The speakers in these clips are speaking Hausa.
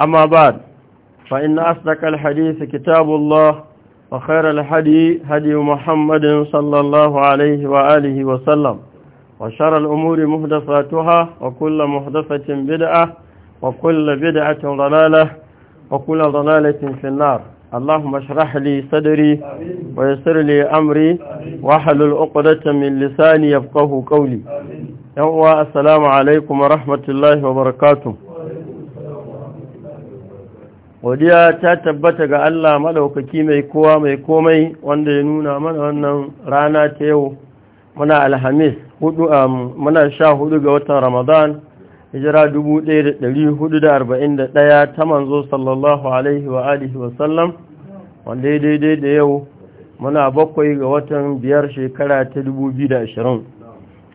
أما بعد فإن أصدق الحديث كتاب الله وخير الحدي هدي محمد صلى الله عليه وآله وسلم وشر الأمور مهدفاتها وكل مهدفة بدعة وكل بدعة ضلالة وكل ضلالة في النار اللهم اشرح لي صدري ويسر لي أمري واحلل عقدة من لساني يفقه قولي يوم السلام عليكم ورحمة الله وبركاته godiya ta tabbata ga Allah madaukaki mai kowa mai komai wanda ya nuna mana wannan rana ta yau muna alhamis hudu um, muna sha hudu ga watan ramadan hijira 1441 ta manzo sallallahu alaihi wa alihi wa sallam wanda ya daidai da yau muna bakwai ga watan biyar shekara ta 2020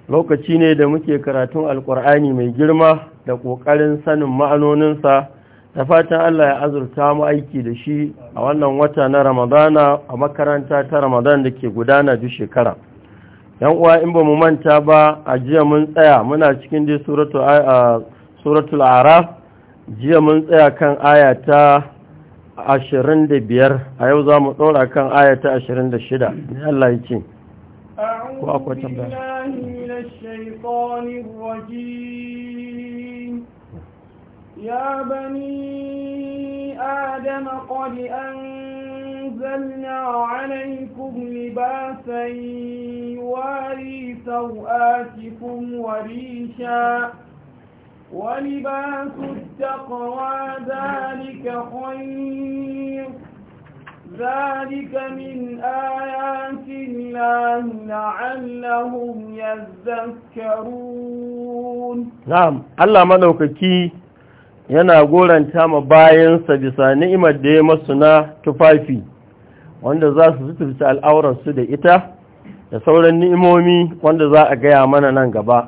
lokaci ne da muke karatun alkur'ani mai girma da ƙoƙarin sanin ma'anoninsa da fatan Allah ya azurta mu aiki da shi a wannan wata na ramadana a makaranta ta ramadan da ke gudana duk shekara yan uwa in ba mu manta ba a jiya mun tsaya muna cikin dai suratul araf jiya mun tsaya kan aya ta 25 a yau za mu tsora kan aya ta 26 ne Allah ya ce من الشيطان الرجيم يا بني آدم قد أنزلنا عليكم لباسا يواري سوآتكم وريشا ولباس التقوى ذلك خير ذلك من آيات الله لعلهم يذكرون نعم الله ملوككي yana goranta ma bayansa bisa ni'imar da ya masu na tufafi wanda za su suturta al'auransu da ita da sauran ni'imomi wanda za a gaya mana nan gaba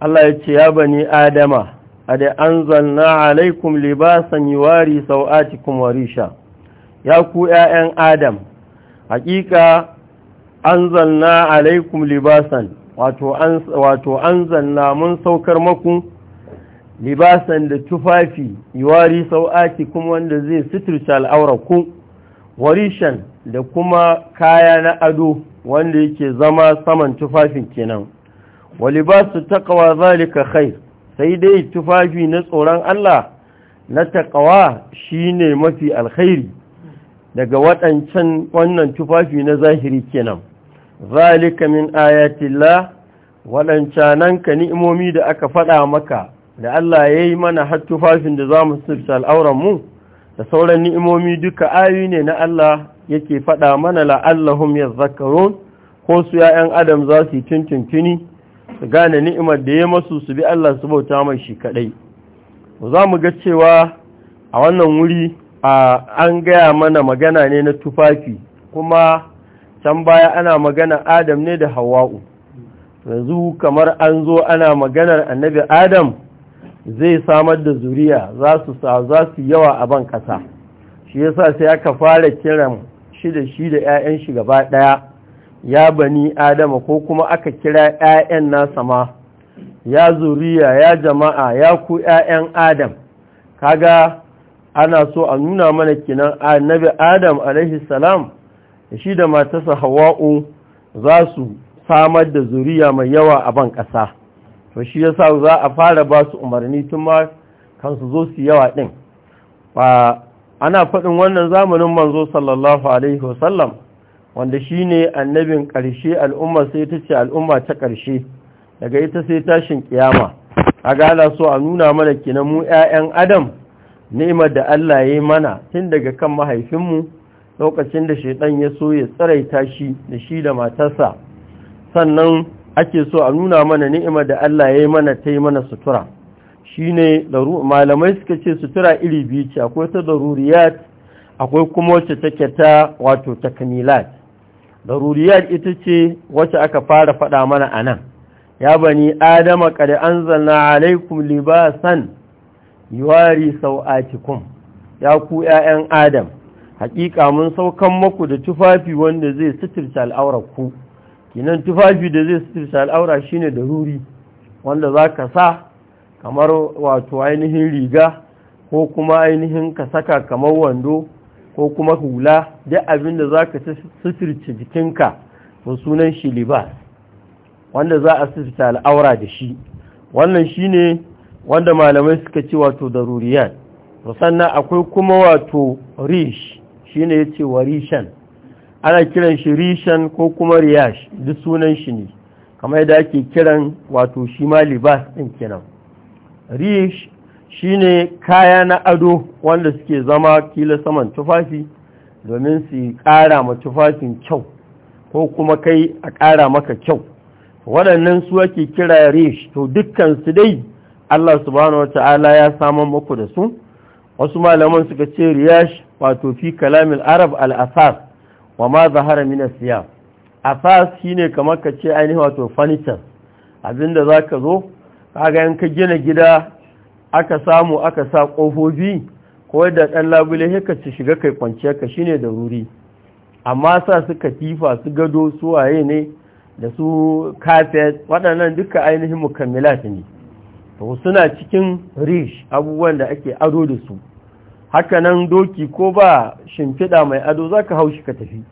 Allah ya ce ya bani adama a da an zanna alaikum libasan yi wari kuma warisha ya ku ‘ya'yan adam hakika an zanna alaikum libasan wato an zanna mun saukar maku libasan da tufafi yuwari sau'aki kuma wanda zai suturci al'auraku warishan da kuma kaya na ado wanda yake zama saman tufafin kenan walibasu libasu taqwa zalika khair sai dai tufafi na tsoron Allah na taqwa shine mafi alkhairi daga waɗancan wannan tufafi na zahiri kenan zalika min ayatillah waɗancanan ka ni'imomi da aka faɗa maka da Allah ya yi mana har tufafin da za mu sirta al'auranmu da sauran ni'imomi duka ayu ne na Allah yake faɗa mana la'allahum ya zakarun ko su ‘ya'yan adam za su yi tuntuntuni su gane ni'imar da ya masu su bi Allah su bauta mai shi kaɗai. Za mu ga cewa a wannan wuri an gaya mana magana ne na tufafi kuma can baya ana magana Adam ne da Hawa'u. yanzu kamar an zo ana maganar annabi Adam zai samar da zuriya za su yawa a ban ƙasa shi yasa sai aka fara kiran shi da shi da 'ya'yan shi gaba ɗaya ya bani adama ko kuma aka kira 'ya'yan nasa ma ya zuriya ya jama'a ya ku 'ya'yan adam kaga ana so a nuna mana kinan annabi adam alaihi salam shi da matarsa hawa'u za su samar da zuriya mai yawa a ban ƙasa to shi ya sa za a fara ba su umarni tun ma kansu zo su yawa ɗin ba ana faɗin wannan zamanin manzo sallallahu alaihi wasallam wanda shi ne annabin ƙarshe al'umma sai ta ce al'umma ta ƙarshe daga ita sai tashin ƙiyama a gala so a nuna mana kina mu 'ya'yan adam ni'imar da Allah ya yi mana tun daga kan mahaifinmu lokacin da shaidan ya so ya tsaraita shi da shi da matarsa sannan ake so a nuna mana ni'ima da Allah ya yi mana ta yi mana sutura Shi ne malamai suka ce sutura iri biyu ce akwai ta daruriyat akwai kuma wacce take ta wato takmilat daruriyat ita ce wacce aka fara faɗa mana a nan ya bani adama qad anzalna alaikum libasan yuwari sau'atikum ya ku ƴaƴan adam haƙiƙa mun saukan muku da tufafi wanda zai suturta al'aurar ku kinan tufafi da zai suturta al'aura shine da ruri wanda za ka sa kamar wato ainihin riga ko kuma ainihin ka saka kamar wando ko kuma hula duk abin da za ka suturce jikinka to sunan shi libas wanda za a suturta al'aura da shi wannan shine wanda malamai suka ci wato daruriyan sannan akwai kuma wato rish shi ne shine yace warishan ana kiran shi rishan ko kuma riyash duk sunan shi ne kamar yadda ake kiran wato shi ma libas ɗin kenan rish shi ne kaya na ado wanda suke zama kila saman tufafi domin su ƙara ma tufafin kyau ko kuma kai a kara maka kyau waɗannan su ake kira rish to dukkan su dai Allah subhanahu wata'ala ya saman maku da su wasu malaman suka ce riyash wato fi kalamin arab al-asas wa ma zahara min asiyam shi shine kamar ka ce ainihin wato furniture abinda za ka zo kaga in ka gina gida aka samu aka sa kofofi ko da ɗan labule sai ka shiga kai kwanciya ka shine da ruri amma sa su katifa su gado su waye ne da su carpet waɗannan duka ainihin mukammilat ne to suna cikin rish abubuwan da ake ado da su haka nan doki ko ba shimfiɗa mai ado za ka haushi ka tafi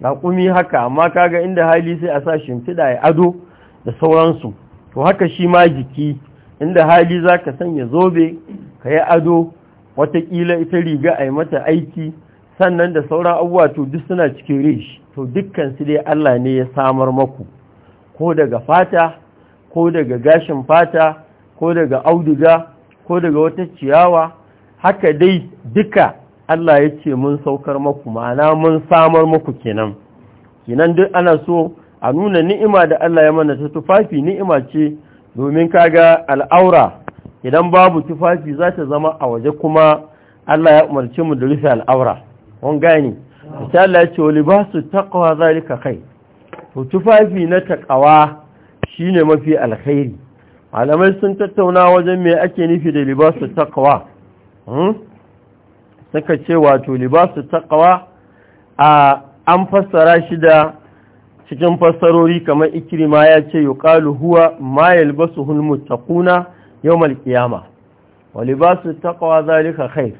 raƙumi haka amma kaga inda hali sai a sa shimfiɗa ya ado da sauransu to haka shi ma jiki inda hali za ka sanya zobe ka yi ado watakila ita riga a yi mata aiki sannan da sauran abubuwa to duk suna cikin rishi to dukkan su dai Allah ne ya samar maku ko daga fata ko daga gashin fata ko daga auduga ko daga wata ciyawa haka dai duka Allah ya ce mun saukar maku ma'ana mun samar maku kenan kenan duk ana so a nuna ni'ima da Allah ya mana ta tufafi ni'ima ce domin ka ga al'aura idan babu tufafi za ta zama a waje kuma Allah ya umarci mu da rufe al'aura Wani gani insha Allah ya ce wa libasu taqwa zalika kai to tufafi na taqwa shine mafi alkhairi malamai sun tattauna wajen me ake nufi da libasu taqwa Hmm? suka ce wato libasu taqwa a an fassara shi da cikin fassarori kamar ikirima ya ce yuqalu huwa ma yalbasuhul muttaquna yawmal qiyamah wa libasu taqwa zalika khair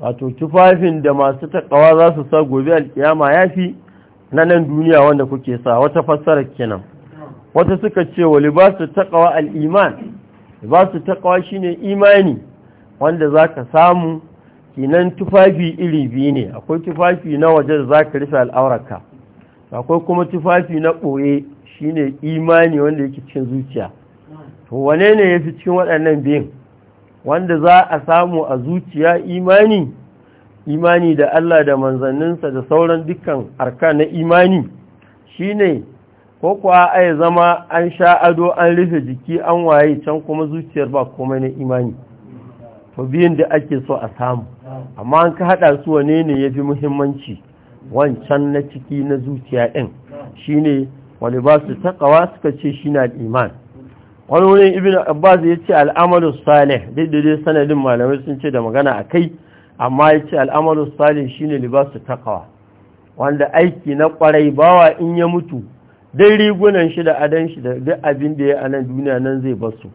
wato tufafin da masu taqwa za su sa gobe alkiyama yafi na nan duniya wanda kuke sa wata fassara kenan wata suka ce wa libasu taqwa al-iman libasu taqwa shine imani wanda za ka samu kinan tufafi iri biyu ne akwai tufafi na waje da za ka rufe al'auraka akwai kuma tufafi na ɓoye shi ne imani wanda yake cikin zuciya to wane ne ya fi cikin waɗannan biyun wanda za a samu a zuciya imani imani da Allah da manzanninsa da sauran dukkan arka na imani shi ne ko kuwa ya zama an sha ado an rufe jiki an waye can kuma zuciyar ba komai na imani to da ake so a samu amma an ka haɗa su wane ne ya fi muhimmanci wancan na ciki na zuciya ɗin shi ne wani ba su taƙawa suka ce shi na iman wani wurin ibn abbas ya ce al'amalu salih daidai sanadin malamai sun ce da magana a kai amma ya ce al'amalu salih shi ne libasu taƙawa wanda aiki na ƙwarai bawa in ya mutu dai rigunan shi da adan shi da duk abin da ya anan duniya nan zai basu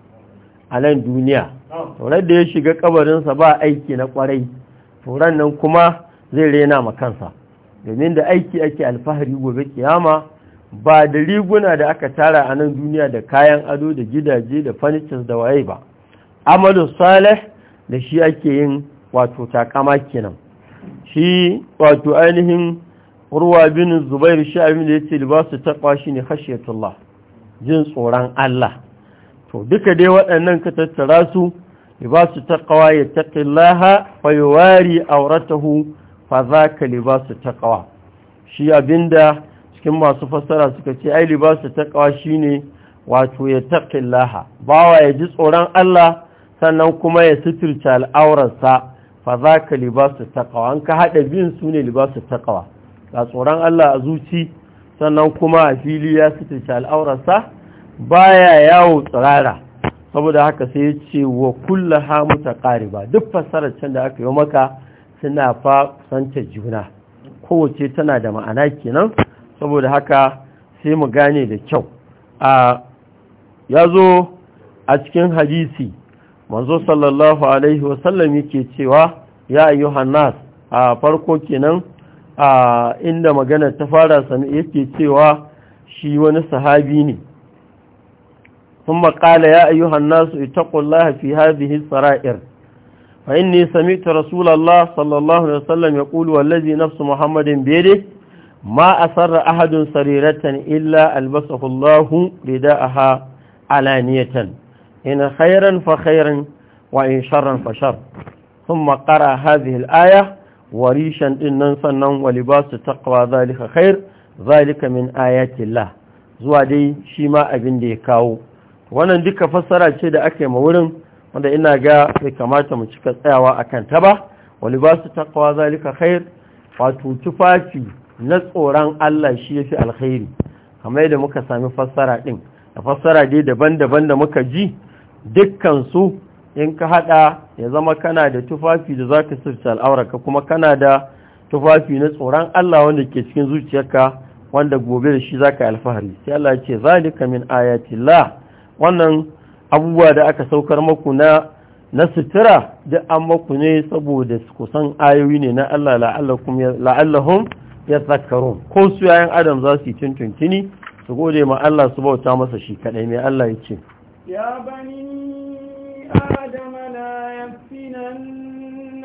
a nan duniya turar da ya shiga kabarinsa ba aiki na kwarai turan nan kuma zai rena ma kansa domin da aiki ake alfahari gobe kiyama ba da riguna da aka tara a nan duniya da kayan ado da gidaje da furnitures da waye ba amalu salih da shi ake yin wato takama kenan shi wato ainihin ruwa bin zubair abin da ya ce libasu ne shine khashiyatullah jin tsoron Allah to duka dai waɗannan ka tattara su libasu taqwa yattaqillaha wa yuwari auratahu fa zaka libasu taqwa shi abinda cikin masu fassara suka ce ai libasu taqwa shine wato ya yattaqillaha bawa ya ji tsoron Allah sannan kuma ya suturta al'aurarsa fa zaka libasu taqwa an ka hada biyun sune libasu taqwa ga tsoron Allah a zuci sannan kuma a fili ya suturta al'aurarsa baya yawo tsirara saboda haka sai ya ce wa kulla hamuta ƙariba duk fassarar can da aka yi maka suna fasanta juna kowace tana da ma'ana kenan saboda haka sai mu gane da kyau a ya zo a cikin hadisi manzo sallallahu alaihi wasallam yake cewa ya yi hannas a farko kenan a inda magana ta fara sani yake cewa shi wani sahabi ne ثم قال يا أيها الناس اتقوا الله في هذه السرائر فإني سمعت رسول الله صلى الله عليه وسلم يقول والذي نفس محمد بيده ما أسر أحد سريرة إلا ألبسه الله رداءها علانية إن خيرا فخيرا وإن شرا فشر ثم قرأ هذه الآية وريشا إن ننسنا ولباس تقوى ذلك خير ذلك من آيات الله زوادي شما أبن ديكاو wannan duka fassara ce da aka yi ma wurin wanda ina ga bai kamata mu cika tsayawa a kan ta ba wani ba su takawa zalika khair wato tufafi na tsoron Allah shi ya fi alkhairi kamar yadda muka sami fassara ɗin da fassara dai daban-daban da muka ji dukkansu in ka haɗa ya zama kana da tufafi da za ka sirta ka? kuma kana da tufafi na tsoron Allah wanda ke cikin zuciyarka wanda gobe da shi za ka alfahari sai Allah ce zalika min ayatillah wannan abubuwa da aka saukar maku na na sutura da an maku ne saboda kusan ayoyi ne na Allah la'allahun ya zakarun ko su yayin adam za su yi tuntuntuni su gode ma Allah su bauta masa shi kaɗai mai Allah ya ce ya bani adama la yafinan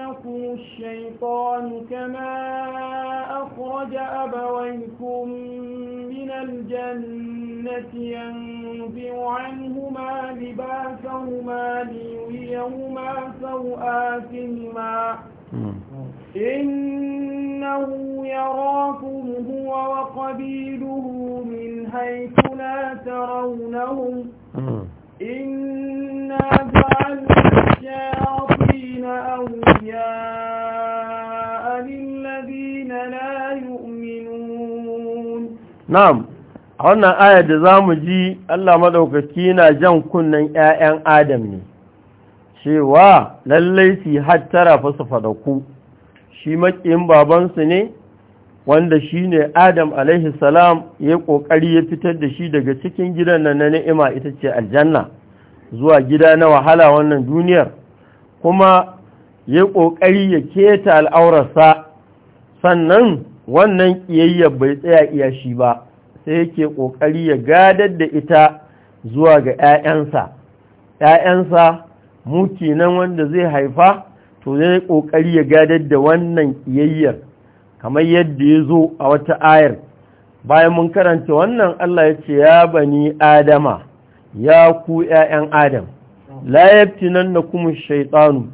يلهاكم الشيطان كما أخرج أبويكم من الجنة ينزع عنهما لباسهما ليريهما سوآتهما إنه يراكم هو وقبيله من حيث لا ترونهم إنا جعلنا الشياطين أولياء للذين لا يؤمنون نعم wannan aya da za mu ji Allah maɗaukaki na jan kunnen ‘ya'yan Adam ne, cewa lallai su hattara fa su ku. shi maƙin babansu ne, wanda shi ne Adam salam ya ƙoƙari ya fitar da shi daga cikin gidan nan na ni'ima ita ce aljanna. zuwa gida na wahala wannan duniyar kuma ya ƙoƙari ya keta al'aurarsa sannan wannan ƙiyayyar bai tsaya iya shi ba sai yake ƙoƙari ya gadar da ita zuwa ga ‘ya'yansa ‘ya'yansa muki nan wanda zai haifa to zai ƙoƙari ya gadar da wannan ƙiyayyar kamar yadda ya zo a wata ayar bayan mun karanta wannan Allah ya ce ya bani adama ya ku ‘ya'yan Adam, la yaftinan na kuma shaitanu,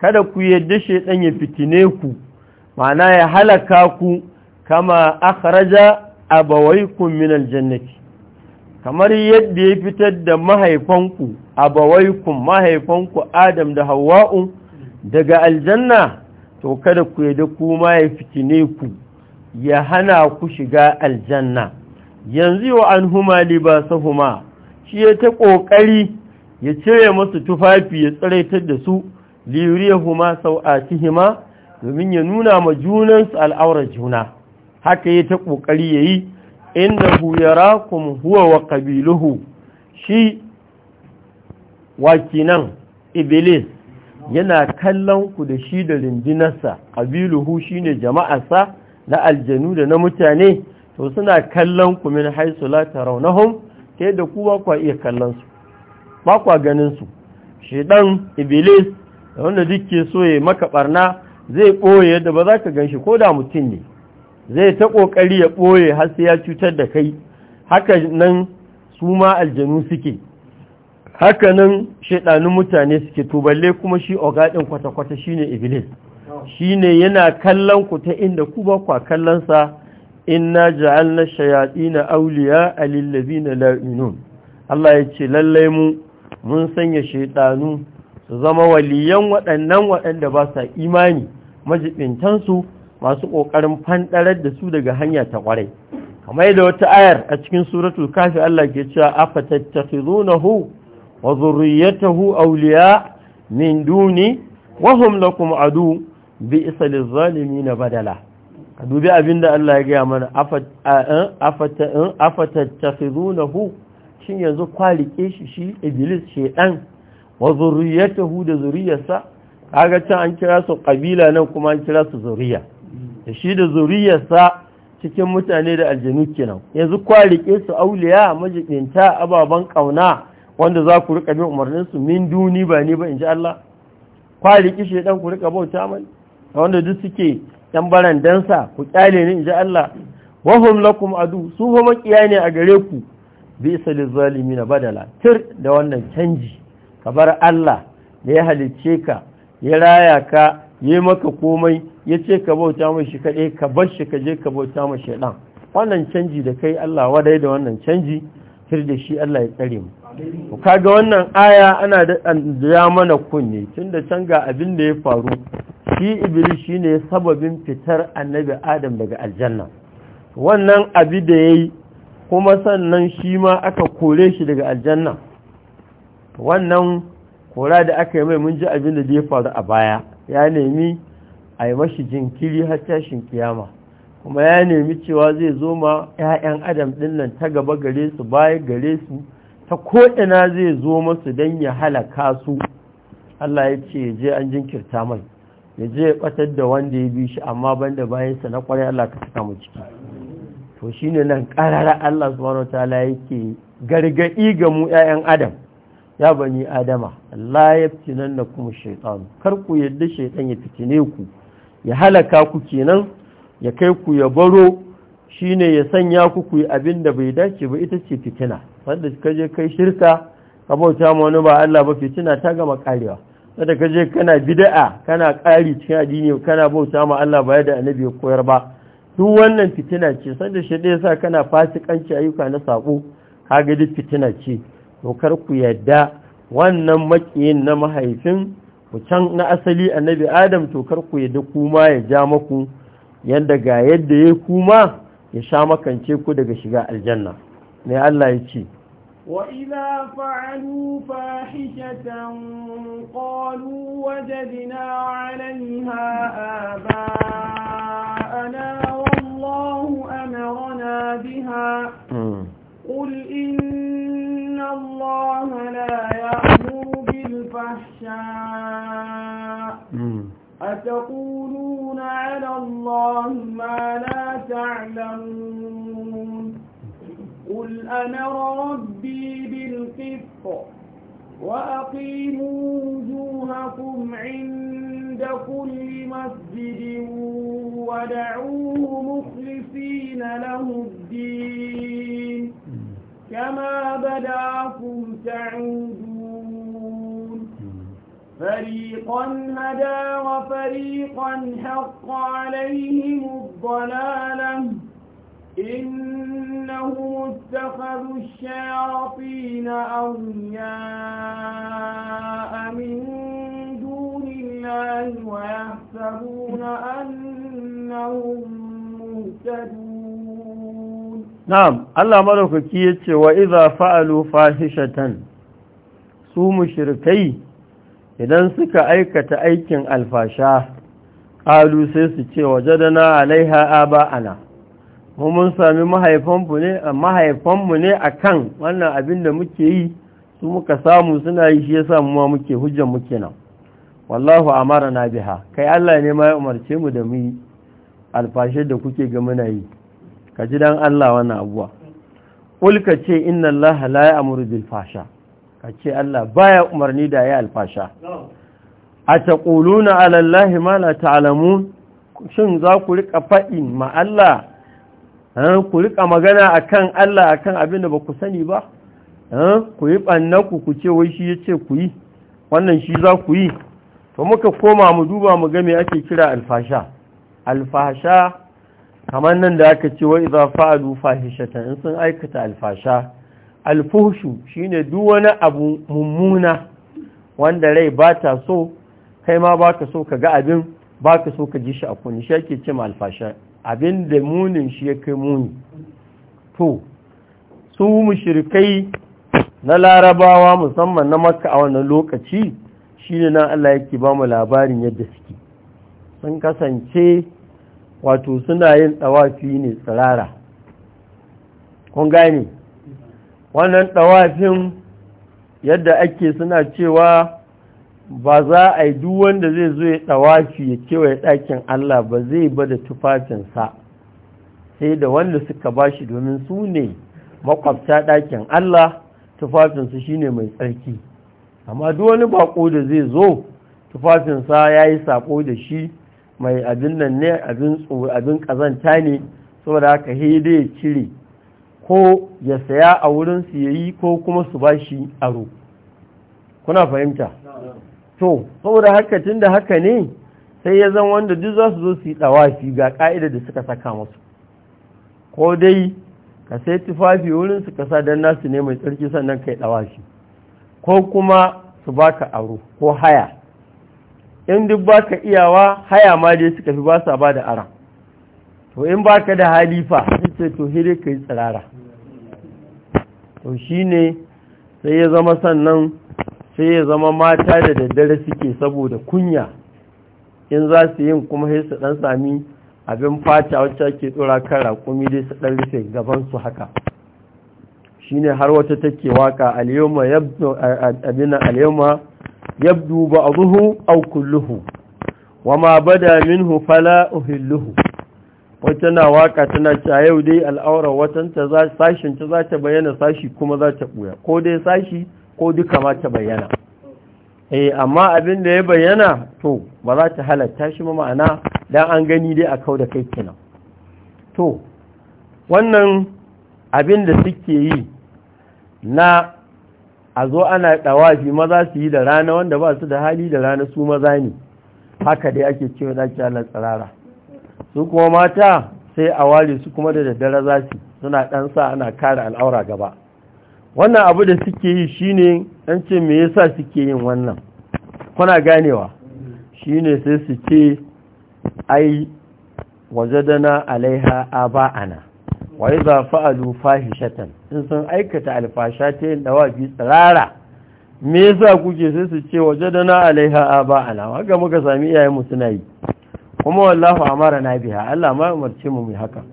kada ku yadda shaitan ya fitine ku, mana ya halaka ku kama akhraja abawaikum min aljannati kamar yadda ya fitar da mahaifanku abawaikum mahaifanku Adam da Hawwa'u daga aljanna to kada ku yadda kuma ya fitine ku ya hana ku shiga aljanna yanzu wa anhuma libasahuma shi ya ta ƙoƙari ya cire masu tufafi ya tsiraitar da su a sau'atihima domin ya nuna ma junansu al'aurar juna haka ya ta ƙoƙari ya yi inda huyara kuma huwa wa ƙabiluhu shi wakinan iblis yana kallon ku da shi da rindinarsa ƙabiluhu shi ne jama'arsa na aljanu da na mutane to suna kallon ku min haisu la ta yadda ku ba kwa iya kallon su ba kwa ganin su shedan iblis wanda duk ke so ya maka ɓarna, zai ɓoye yadda ba za ka gan shi ko da mutum ne zai ta ƙoƙari ya ɓoye har sai ya cutar da kai haka nan su ma aljanu suke haka nan shaidanun mutane suke to kuma shi ogaɗin kwata-kwata shine iblis ne yana kallon ku ta inda ku ba kwa kallon sa inna ja'alna shayatin awliya lillazina la yu'minun Allah ya ce lallai mu mun sanya shaytanu su zama waliyan waɗannan waɗanda ba sa imani majibintan su masu kokarin fandarar da su daga hanya ta kwarai kamar da wata ayar a cikin suratul kafi Allah ke cewa afatattakhizunahu wa dhurriyyatahu awliya min duni wa hum lakum adu bi isaliz zalimin badala a dubi abinda Allah ya gaya mana na hu. shin yanzu kwalike shi shi iblis shedan wa hu da zuriyarsa kaga can an kira su kabila nan kuma an kira su zuriya da shi da zuriyarsa cikin mutane da aljanu kenan yanzu kwalike su auliya majibinta ababen ƙauna, wanda za ku rika bin umarninsu? min duni ba ne ba in ji Allah kwalike ɗan ku rika bauta mai wanda duk suke yan barandansa ku ƙyale ni inji Allah wa hum lakum adu su fa makiya ne a gare ku bi zalimi na, badala tir da wannan canji ka bar Allah da ya halicce ka ya raya ka yi maka komai ya ce ka bauta mai shi kaɗai ka bar shi ka je ka bauta mai shaidan wannan canji da kai Allah wadai da wannan canji tir da shi Allah ya tsare mu ku kaga wannan aya ana da mana kunne tunda can ga abin da ya faru shi shi ne sababin fitar annabi adam daga aljanna wannan abi da ya yi kuma sannan shi ma aka kore shi daga aljanna wannan kora da aka yi mai mun ji abin da ya faru a baya ya nemi a yi mashi jinkiri har tashin kiyama kuma ya nemi cewa zai zo ma 'ya'yan adam ɗinnan ta gaba gare su baya gare su ta ina zai zo masu don ya halaka su Allah ya ce je an jinkirta mai ya je ya ɓatar da wanda ya bi shi amma banda bayansa na ƙwarai Allah ka saka mu ciki to shi ne nan ƙarara Allah subhanahu ta'ala yake gargaɗi ga mu 'ya'yan adam ya bani adama Allah ya nan na kuma shaitan kar ku yadda shaitan ya fitine ku ya halaka ku kenan ya kai ku ya baro shine ya sanya ku ku yi abin da bai dace ba ita ce fitina wanda ka je kai shirka ka bauta ma wani ba Allah ba fitina ta gama karewa wanda ka je kana bid'a kana kari cikin addini kana bauta ma Allah ba yadda annabi ya koyar ba duk wannan fitina ce sanda shi da yasa kana fasikanci ayyuka na sako kaga duk fitina ce to kar ku yadda wannan makiyin na mahaifin ku can na asali annabi Adam to kar ku yadda kuma ya ja maku yadda ga yadda ya kuma ya sha makance ku daga shiga aljanna ne Allah ya وإذا فعلوا فاحشة قالوا وجدنا عليها آباءنا والله أمرنا بها قل إن الله لا يأمر بالفحشاء أتقولون على الله ما لا تعلمون قل أمر ربي بالقسط وأقيموا وجوهكم عند كل مسجد ودعوه مخلصين له الدين كما بداكم تعودون فريقا هدى وفريقا حق عليهم الضلالة إن أنهم اتخذوا الشياطين أولياء من دون الله ويحسبون أنهم مهتدون نعم الله ملك كيت وإذا فعلوا فاحشة سوم شركي idan suka aikata aikin alfasha ƙalu sai su ce wajadana alaiha aba'ana mu mun sami mahaifanmu ne mahaifanmu ne akan wannan abin da muke yi su muka samu suna yi shi yasa mu ma muke hujjan muke nan wallahu na biha kai Allah ne ma ya umarce mu da mu yi alfashe da kuke ga muna yi ka ji dan Allah wannan abuwa ulka ce inna Allah la amuru bil fasha ka ce Allah baya umarni da ya alfasha a taquluna ala Allah ma la ta'lamun shin za ku rika faɗi ma Allah ku rika magana a kan Allah a kan abin da ba ku sani ba ku yi ɓannanku ku ce wai shi ya ce ku yi wannan shi za ku yi to muka koma mu duba mu game ake kira alfasha alfasha kamar nan da aka ce wai za fa’adu fahishatan in sun aikata alfasha alfuhshu shine duk wani abu mummuna wanda rai ba ta so kai ma ba ka so ka ga abin ba ka so ka ji shi a kuni shi ake ce ma alfasha abin da munin shi ya kai muni to su mushrikai na larabawa musamman na makka a wannan lokaci shi ne na Allah yake ba mu labarin yadda suke sun kasance wato suna yin tsawafi ne tsirara kun gane wannan tsawafin yadda ake suna cewa ba za a yi duk wanda zai zo ya ɗawafi ya kewaye ɗakin Allah ba zai ba da tufafinsa sai da wanda suka ba shi domin su ne makwabta ɗakin Allah tufafinsu shi ne mai tsarki amma duk wani bako da zai zo tufafinsa ya yi saƙo da shi mai abin nan ne abin ƙazanta ne saboda haka hede ya cire ko ya saya a wurinsu ya yi ko kuma su ba shi aro kuna fahimta to saboda haka tun da haka ne sai ya zan wanda duk za su zo su yi ɗawafi ga ƙa'idar da suka saka masu ko dai ka sai tufafi wurin su kasa don nasu ne mai tsarki sannan ka yi ɗawafi ko kuma su baka aro ko haya in duk baka iyawa haya ma dai suka fi ba sa ba da ara to in baka da halifa sai to hire ka yi tsirara to shi ne sai ya zama sannan sai ya zama mata da daddare suke saboda kunya in za su yin kuma sai su dan sami abin fata wacce ake tsora kan raƙumi dai su dan rufe gabansu haka shine har wata take waka al-yawma yabdu abina al-yawma yabdu ba'dahu aw kulluhu wama bada minhu fala uhilluhu wata na waka tana cewa yau dai al'aura watan ta sashin ta za ta bayyana sashi kuma za ta buya ko dai sashi ko duka ma ta bayyana eh amma abin da ya bayyana to ba za ta halatta shi ma ma'ana dan an gani dai a kau kai kenan to wannan abin da suke yi na a zo ana ɗawafi maza su yi da rana wanda ba su da hali da rana su maza ne haka dai ake cewa da kiyala tsarara su kuma mata sai a ware su kuma da daddare za su suna ɗan sa ana kare al'aura gaba wannan abu da suke yi shine an ce me yasa suke yin wannan kuna ganewa shine sai su ce ai wajadana alaiha aba'ana wa idza fa'alu fahishatan in sun aikata alfasha ta yin dawa bi tsirara me yasa kuke sai su ce wajadana alaiha aba'ana haka muka sami iyayen mu suna yi kuma wallahu amara na biha Allah ma umarce mu mu haka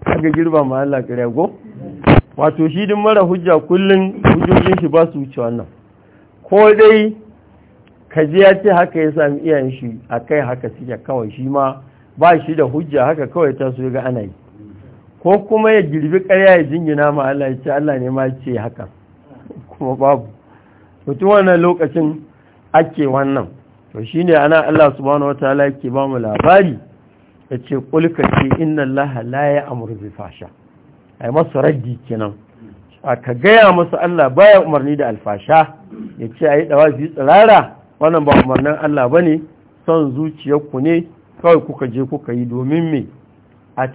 kaga girba mu Allah kare go wato shi din mara hujja kullum hujjojin shi ba su wuce wannan ko dai ka ji ya ce haka ya sami iyayen shi a kai haka suke kawai shi ma ba shi da hujja haka kawai ta so ga ana yi ko kuma ya girbi karya ya jingina ma Allah ya ce Allah ne ma ce haka kuma babu mutum wannan lokacin ake wannan to shi ne ana Allah subhanahu wata yake ba mu labari yace kulka ce inna Allah la ya bi fasha a yi masu raggi kenan aka gaya masu Allah baya umarni da alfasha ya ce a yi ɗawa su yi tsirara wannan ba umarnin Allah ba ne son zuciyarku ne kawai kuka je kuka yi domin mai a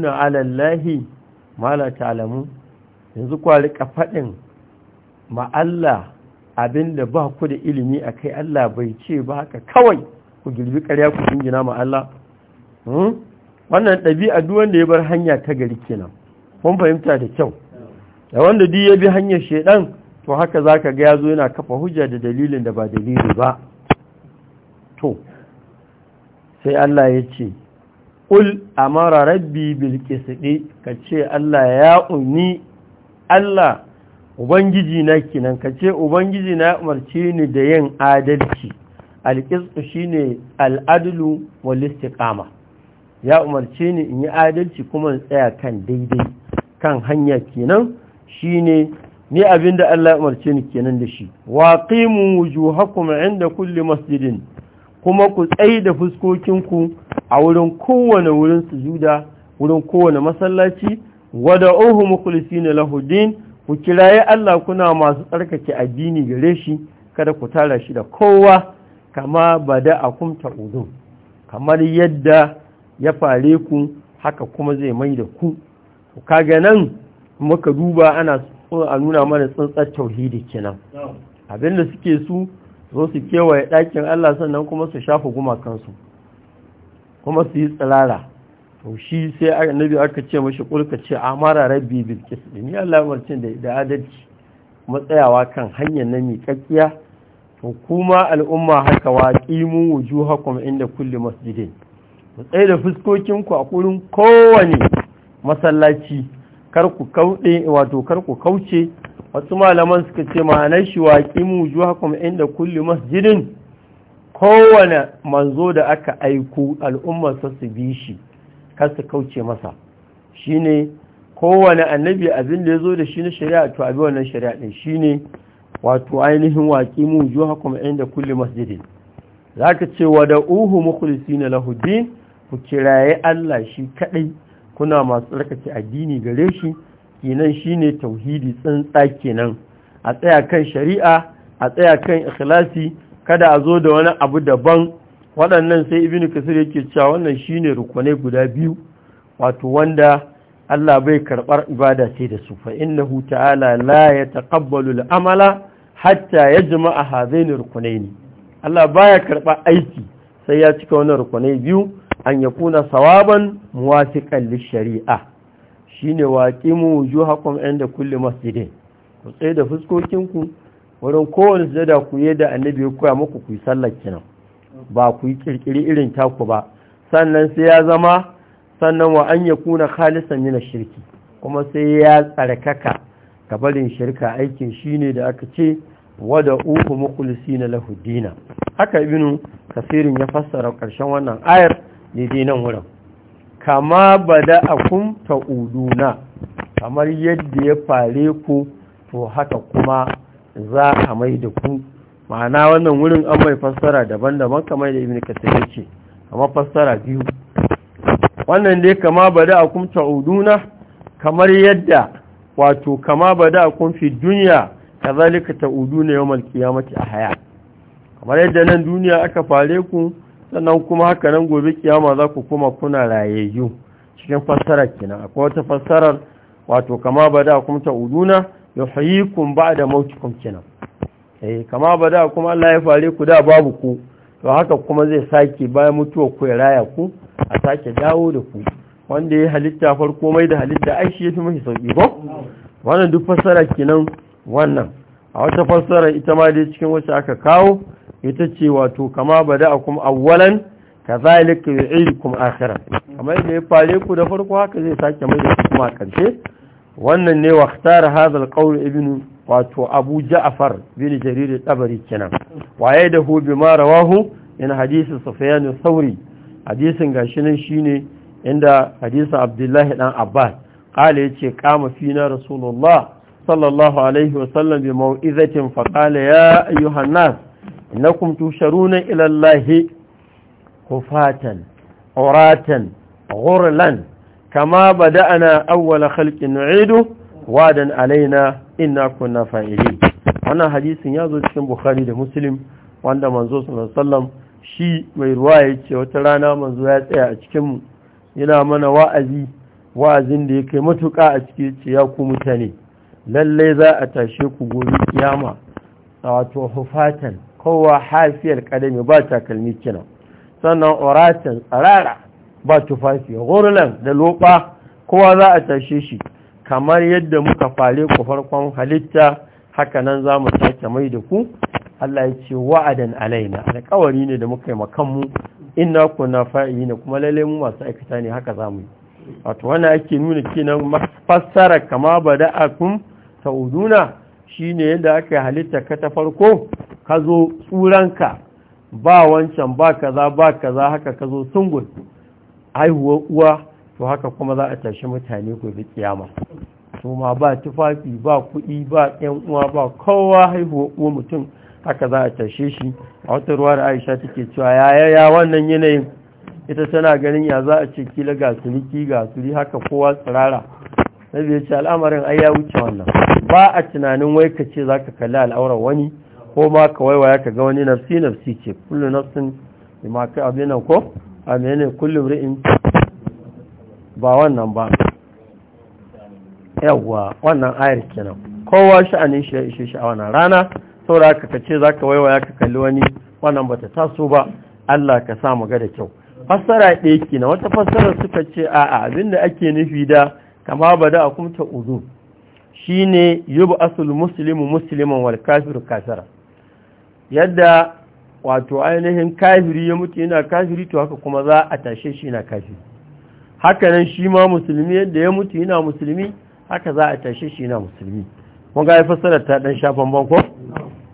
na alallahi mala ta'alamu yanzu kwari ka faɗin ma Allah abinda ba ku da ilimi a kai Allah bai ce ba haka kawai ku girbi ƙarya ku jingina ma Allah hmm? wannan ɗabi'a duk wanda ya bar hanya ta gari kenan Kun fahimta da kyau da wanda duk ya bi hanyar shedan to haka zaka ga zo yana kafa hujja da dalilin da ba dalili ba to sai Allah ya ce ƙul amara rabbi bilkisiɗi ka ce Allah ya uni Allah Ubangiji na kinan ka ce Ubangiji na umarci ni da yin adalci alqisdi shine ne wal istiqama ya umarci ni in yi adalci kuma in tsaya kan daidai kan hanya kenan shine ni abinda Allah ya umarce ni kenan da shi waqimu wujuhakum inda kulli masjidin kuma ku tsaida fuskokinku a wurin kowane wurin sujuda wurin kowane masallaci wada'uhu mukhlisina lahu din ku kiraye Allah kuna masu tsarkake addini gare shi kada ku tara shi da kowa kama bada akum ta'udun kamar yadda ya fare ku haka kuma zai mai da ku kaga nan muka duba ana a nuna mana tsantsar tauhidi kenan abinda suke su zo su kewaye ɗakin Allah sannan kuma su shafa gumakansu kuma su yi tsalala to shi sai annabi aka ce mashi kulka ce amara rabbi bil qisd ni Allah umarci da da adalci matsayawa kan hanyar na kakkiya to kuma al'umma haka wa qimu wujuhakum inda kulli masjidin mu tsaye da fuskokinku a kurin kowane masallaci kar ku kauɗe wato kar ku kauce wasu malaman suka ce ma'anar shi waƙi mu juwa kuma inda kulli masjidin kowane manzo da aka aiku al'ummarsa su bi shi kar su kauce masa shine kowane annabi abin da ya zo da shi na shari'a to abi wannan shari'a ɗin shine wato ainihin waƙi mu juwa kuma inda kulli masjidin za ce wa da uhu mukhlisina na lahudin ku kiraye Allah shi kaɗai kuna masu tsarkake addini gare shi kenan shine tauhidi tsantsa kenan a tsaya kan shari'a a tsaya kan ikhlasi kada a zo da wani abu daban waɗannan sai ibn kasir yake cewa wannan shine rukunai guda biyu wato wanda Allah bai karɓar ibada sai da su fa innahu ta'ala la yataqabbalu al-amala hatta yajma'a hadaini rukunaini Allah baya karɓar aiki sai ya cika wannan rukunai biyu an ya kuna sawaban muwafiƙan lishari'a shi ne waƙi mu ju haƙon ‘yan da kulle masjidin ku tsaye da fuskokinku wurin kowane sujada ku yi da annabi ya koya muku ku yi sallar ba ku yi kirkiri irin taku ba sannan sai ya zama sannan wa an ya kuna khalisan mina shirki kuma sai ya tsarkaka barin shirka aikin shine da aka ce wada uku mukulisi na lahudina haka ibinu kasirin ya fassara ƙarshen wannan ayar daidai nan wurin kama ba da akun ta'uduna kamar yadda ya fare ku to haka kuma za a mai da ku ma'ana wannan wurin an mai fassara daban-daban kamar da ibn kasir yake amma fassara biyu wannan dai kama ba da akun ta'uduna kamar yadda wato kama ba da akun fi dunya kazalika ta'uduna yawmal qiyamati ahya kamar yadda nan duniya aka fare ku sannan kuma haka nan gobe kiyama za ku kuma kuna rayayyu cikin fassarar kenan akwai wata fassarar wato kama ba bada kuma ta'uduna yuhyikum ba'da da kenan eh kama ba da kuma Allah ya fare ku da babu ku to haka kuma zai sake bayan mutuwar ku ya raya ku a sake dawo da ku wanda ya halitta farko mai da halitta ai shi yafi mafi sauki ba wannan duk fassara kenan wannan a wata fassara ita ma dai cikin wacce aka kawo ita ce wato kama bada akum awwalan kazalika yu'idukum akhiran kamar idan ya fare ku da farko haka zai sake mai da kuma kance wannan ne waqtar hadha alqawl ibn wato abu ja'far bin jarir tabari kenan waye da hu ma rawahu in hadisi sufyan thawri hadisin gashi nan shine inda hadisin abdullahi dan abbas qala yace qama fina rasulullah sallallahu alaihi wasallam bi mau'izatin qala ya ayyuhan nas innakum tusharuna ila Allahi hufatan uratan ghurlan kama bada'ana awwala khalqin nu'idu wadan alaina inna kunna fa'ilin wannan hadisin ya zo cikin Bukhari da Muslim wanda manzo sallallahu shi mai ruwa ya ce wata rana manzo ya tsaya a cikin yana mana wa'azi wa'azin da ya kai matuka a cikin ce ya ku mutane lallai za a tashe ku gobe kiyama wato hufatan kowa hasiyar kadami ba takalmi kina sannan oratin tsarara ba tufafi gurlan da Lopa kowa za a tashe shi kamar yadda muka fare ku farkon halitta haka nan za mu sake mai da ku Allah ya ce wa'adan alaina alƙawari ne da muka yi makanmu inna kunna fa'i kuma lalle mu masu aikata ne haka za mu yi wato wannan ake nuna kenan fassara kama bada'akum ta'uduna shine yadda aka halitta ka ta farko ka zo tsuranka ba wancan ba kaza ba kaza haka ka zo haihuwar uwa to haka kuma za a tashi mutane gobe kiyama su ma ba tufafi ba kuɗi ba ƴan uwa ba kowa haihuwar uwa mutum haka za a tashe shi a wata ruwa da aisha take cewa yaya wannan yanayin ita tana ganin ya za a ce kila ga suriki ga suri haka kowa tsirara na biyar ce al'amarin ai ya wuce wannan ba a tunanin wai ka ce za ka kalli al'aurar wani ko ma ka waiwaya ka ga wani nafsi nafsi ce kullu nafsin bima ka abin ko a mene kullu ri'in ba wannan ba yawa wannan ayar kenan kowa sha'anin shi ya ishe shi a wannan rana saboda ka kace zaka waiwaya ka kalli wani wannan bata taso ba Allah ka sa mu ga da kyau fassara ɗaya ke na wata fassara suka ce a abinda ake nufi da kama ba da kumta uzu shine yubu asul muslimu musulman wal kafiru kafara yadda wato ainihin kafiri ya mutu yana kafiri to haka kuma za a tashe shi yana kafiri hakanan shi ma musulmi yadda ya mutu yana musulmi haka za a tashe shi yana musulmi kun ga fassarar ta dan shafan banko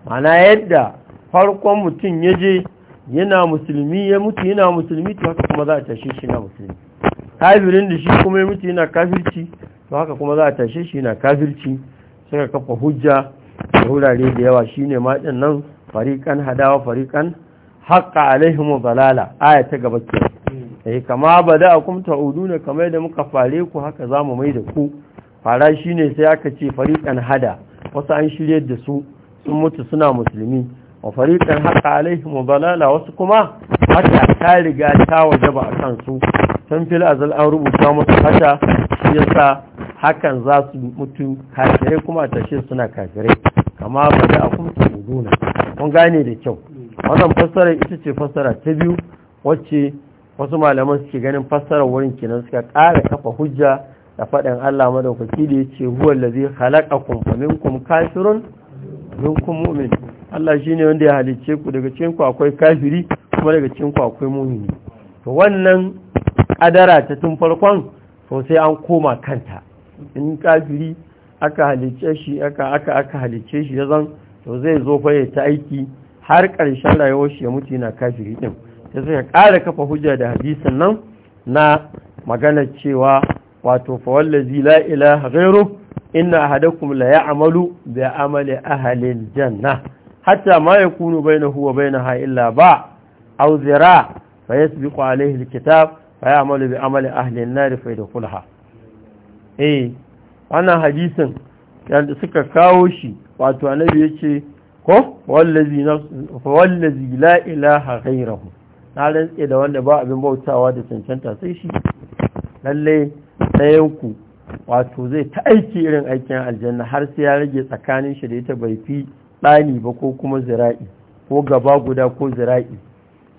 mana yadda farkon mutum ya je yana musulmi ya mutu yana musulmi to haka kuma za a tashe shi yana musulmi kafirin da shi kuma ya mutu yana kafirci to haka kuma za a tashe shi yana kafirci suka kafa hujja da wurare da yawa shine ma nan fariƙan hadawa fariƙan haƙa alaihimu balala aya ta gaba ke hmm. eh kama bada akum ne kamar da muka fare ku haka zamu mai da ku fara shine sai aka ce fariƙan hada wasu an shirya da su sun mutu suna musulmi wa fariƙan haƙa alaihimu balala wasu kuma haka ta riga ta wajaba kan su san fil azal an rubuta musu haka yasa hakan za su mutu kafirai kuma tashe suna kafirai kama ba bada akum ne mun gane da kyau wannan fassara ita ce fassara ta biyu wacce wasu malaman suke ganin fassara wurin kenan suka ƙara kafa hujja da faɗin Allah madaukaki da ya ce huwa lazi khalaqakum fa minkum kafirun minkum mu'min Allah shine wanda ya halicce ku daga cikin ku akwai kafiri kuma daga cikin ku akwai mu'mini to wannan kadara ta tun farkon to sai an koma kanta in kafiri aka halice shi aka aka aka halicce shi ya zan to zai zo fa ta aiki har ƙarshen rayuwar shi ya mutu yana kafiri din sai suka ƙara kafa hujja da hadisin nan na magana cewa wato fa wallazi la ilaha ghairu inna ahadakum la ya'malu bi amali ahli al-janna hatta ma yakunu bainahu wa bainaha illa ba aw zira fa yasbiqu alayhi alkitab fa ya'malu bi amali ahli an-nar fa yadkhulha eh wannan hadisin da suka kawo shi wato annabi yace ko wallazi la ilaha ghayruhu na rantse da wanda ba abin bautawa da cancanta sai shi lalle sayan ku wato zai ta aiki irin aikin aljanna har sai ya rage tsakanin shi da ita bai fi tsani ba ko kuma zira'i ko gaba guda ko zira'i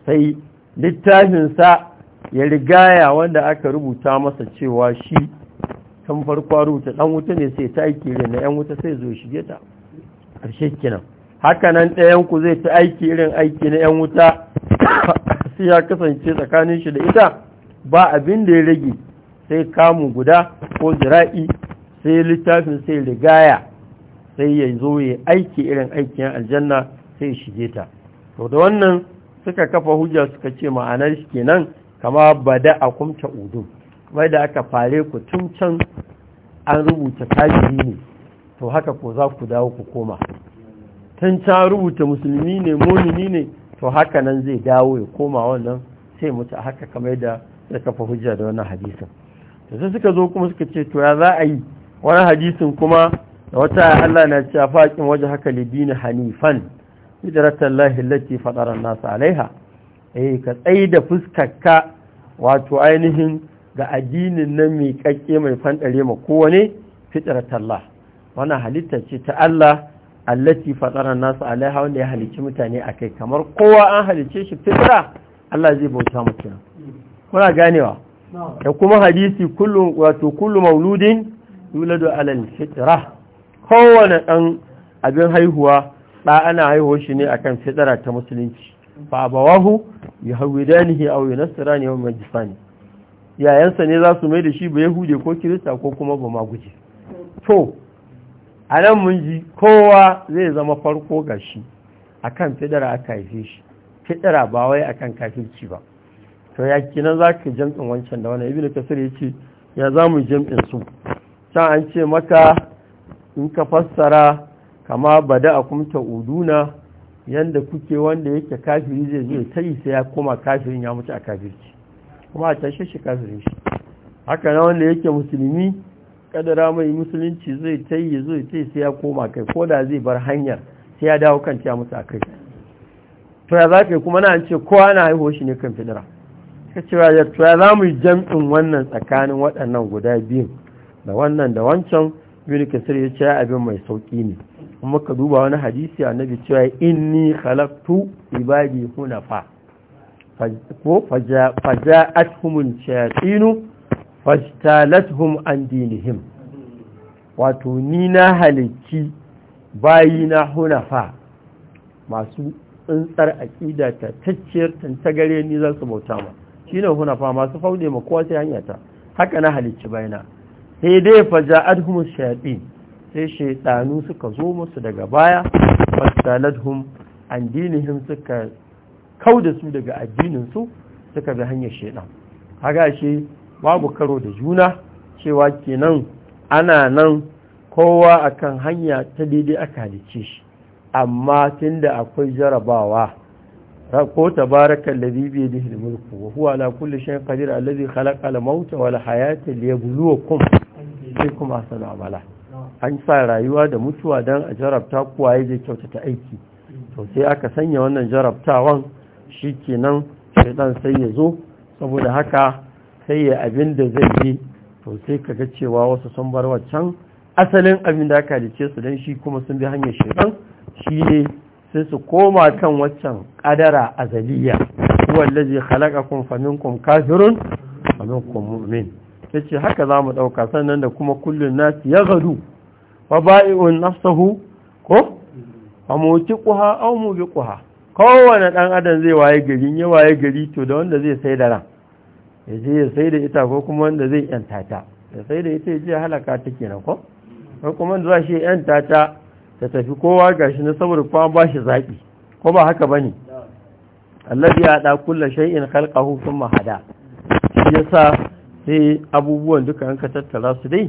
sai littafin sa ya rigaya wanda aka rubuta masa cewa shi kan farko rubuta ɗan wuta ne sai ta aiki irin na ‘yan wuta sai zo shige ta ƙarshe kenan hakanan ɗayan ku zai ta aiki irin aiki na 'yan wuta sai ya kasance tsakanin shi da ita ba abin da ya rage sai kamu guda ko jira'i sai littafin sai rigaya sai ya zo ya aiki irin aiki na aljanna sai shige ta to da wannan suka kafa hujja suka ce ma'anar shi kenan kama bada a kumta udu wai da aka fare ku tun can an rubuta tashi ne to haka ko za ku dawo ku koma tun ta rubuta musulmi ne mumini ne to haka nan zai dawo ya koma wannan sai mutu haka kamar da ya kafa hujja da wannan hadisin to sai suka zo kuma suka ce to ya za a yi wani hadisin kuma da wata Allah na cewa faqin waje haka libini hanifan idratallahi allati fatara an-nas alaiha eh ka tsayi da fuskarka wato ainihin ga addinin nan mai kakke mai fandare ma kowane fitratallah wannan halitta ce ta Allah allati fatara nasu alaiha wanda ya halicci mutane a kai. kamar kowa an halicce shi fitra Allah zai bauta mutum kuna ganewa da kuma hadisi wato kullu mauludin yuladu alal fitra kowane ɗan abin haihuwa ba ana haihuwa shi ne akan fitra ta musulunci ba a abawahu yahwidanihi ne yunasrani aw ne. yayansa ne za su mai da shi ba yahude ko kirista ko kuma ba to a nan mun ji kowa zai zama farko ga shi a kan fidara aka haife shi fidara ba wai a kan kafirci ba to ya kinan za ka jam'in wancan da wani ibina kasir ya ce ya za mu jam'in su can an ce maka in ka fassara kama bada a kumta uduna yanda kuke wanda yake kafiri zai zo ta yi sai ya koma kafirin ya mutu a kafirci kuma a tashe shi kafirin shi haka na wanda yake musulmi kadara mai musulunci zai ta yi zai ta sai ya koma kai ko da zai bar hanyar sai ya dawo kan ciya musu a kai to ya za ka kuma na ce kowa na haihuwa shi ne kan fidira ka ce ya to ya za mu yi jam'in wannan tsakanin waɗannan guda biyun da wannan da wancan biyu kasir ya ce abin mai sauƙi ne kuma ka duba wani hadisi a nabi cewa inni khalaqtu ibadi hunafa ko faja faja atkumul shayatinu fastalathum an dinihim wato ni na halicci bayi na hunafa masu tsantsar aƙida ta tacciyar tantagare ni za su bauta ma shi ne hunafa masu faude ma kowa sai hanya ta haka na halicci bayana sai dai faja adhum shayatin sai shaiɗanu suka zo musu daga baya fastalathum an dinihim suka da su daga addinin su suka bi hanyar shaidan haka shi babu karo da juna cewa kenan ana nan kowa akan hanya ta daidai aka halice shi amma tunda akwai jarabawa ko tabaraka allazi da da al-mulku wa huwa ala kulli shay'in qadir allazi khalaqa al-mauta wal hayata liyabluwakum ayyukum ahsanu amala an sa rayuwa da mutuwa dan a jarabta kuwa zai kyautata aiki to sai aka sanya wannan jarabtawan shikenan shaytan sai ya zo saboda haka sai ya abin da zai yi to sai ka ga cewa wasu sun bar waccan asalin abin da aka dace su don shi kuma sun bi hanyar shaidan shi ne sai su koma kan waccan kadara azaliya wallazi khalaqakum faminkum kafirun faminkum mu'min yace haka za mu ɗauka sannan da kuma kullun nas yaghdu wa ba'i'un nafsuhu ko mu aw kuha kowane dan adam zai waye gari ya waye gari to da wanda zai sai da ran ya je ya sai da ita ko kuma wanda zai yanta ta ya sai da ita ya je halaka ta ke ko ko kuma wanda za shi yanta ta ta tafi kowa gashi na saboda kuma ba shi zaƙi ko ba haka bane allazi ya da kullu shay'in khalqahu thumma hada shi yasa sai abubuwan duka an ka tattara su dai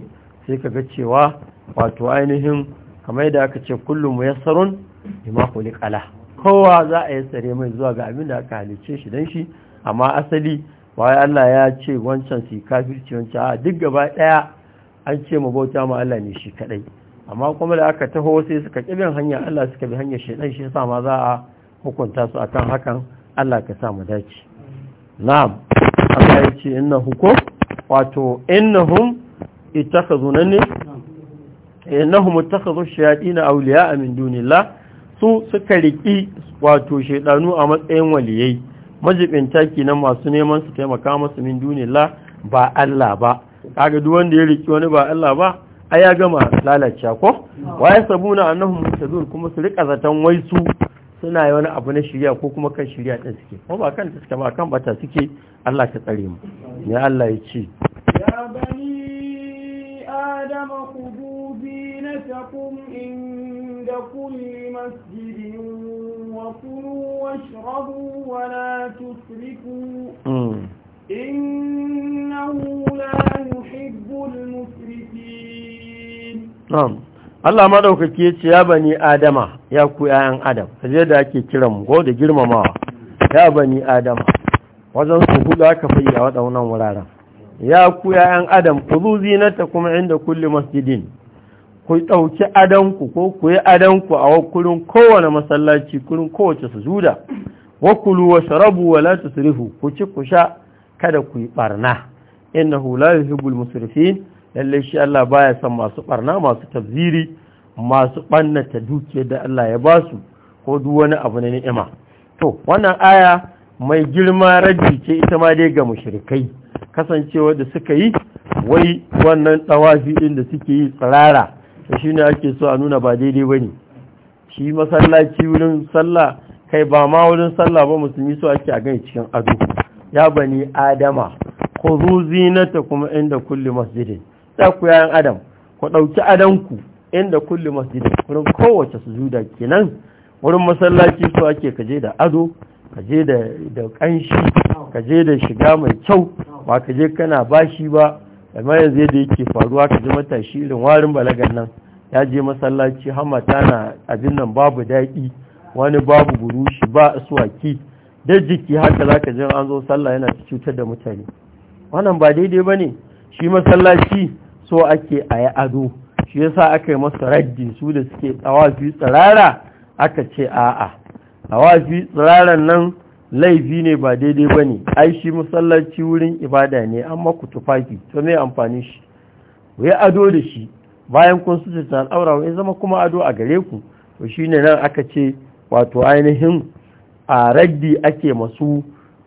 sai kaga cewa wato ainihin kamar da aka ce kullum muyassarun kuli kala kowa za a yassare mai zuwa ga abin da aka halice shi dan shi amma asali wai Allah ya ce wancan su kafirci wancan a duk gaba ɗaya an ce ma bauta ma Allah ne shi kaɗai amma kuma da aka taho sai suka ƙibin hanya Allah suka bi hanyar shaidan shi sa ma za a hukunta su akan hakan Allah ka sa mu dace na'am Allah ya ce inna hukum? wato innahum ittakhadhu ne innahum ittakhadhu shayatin awliya min dunillah su suka riki wato shaydanu a matsayin waliyai majibinta kenan masu neman su taimaka masu min dunilla ba Allah ba kaga duk wanda ya riki wani ba Allah ba ai ya gama lalacewa ko waye sabuna annahum muhtadun kuma su rika zaton wai su suna yi wani abu na shirya ko kuma kan shirya din suke ko ba kan suke ba kan bata suke Allah ta tsare mu ya Allah ya ce آدم خذوا زينتكم عند كل مسجد وكلوا واشربوا ولا تسرفوا إنه لا يحب المسرفين نعم Allah madaukaki ya ce ya bani Adama ya ku ‘ya'yan Adam, kaje da ake kiran mu ko da girmamawa, ya bani Adama, wajen su hudu aka fayyawa a waɗannan wuraren. ya ku yayan adam ku zinata kuma inda kulli masjidin ku ɗauki adanku ko ku yi adanku a kurin kowane masallaci kurin kowace sujuda wa kulu wa sharabu wa la tusrifu ku ci ku sha kada ku yi barna innahu la yuhibbul musrifin lalle shi Allah baya son masu barna masu tabziri masu ɓannata dukiyar da Allah ya basu ko duk wani abu na ni'ima to wannan aya mai girma raji ce ita ma dai ga mushrikai kasancewa da suka yi wai wannan ɗawafi ɗin da suke yi tsirara to shi ne ake so a nuna ba daidai ba ne shi masallaci wurin sallah kai ba ma wurin sallah ba musulmi so ake a gani cikin ado ya ni adama ku ta kuma inda kulli masjidin ta ku yayan adam ku ɗauki adanku inda kulli masjidin wurin kowace su sujuda kenan wurin masallaci so ake kaje da ado kaje da ƙanshi kaje da shiga mai kyau ba ka je kana shi ba amma yanzu da yake faruwa ka ji matashi irin warin balagan nan ya je masallaci hamata na abin nan babu daɗi wani babu burushi ba suwaki da jiki haka za ka jin an zo sallah yana cutar da mutane wannan ba daidai ba ne shi masallaci so ake a yi ado shi yasa aka yi masa raddi su da suke tsawafi tsirara aka ce a'a tsawafi tsiraran nan laifi ne ba daidai ba ne ai shi masallaci wurin ibada ne an maku tufaki to mai amfani shi wai ado da shi bayan kun su ta al'aura wai zama kuma ado a gare ku to shi ne nan aka ce wato ainihin a raddi ake masu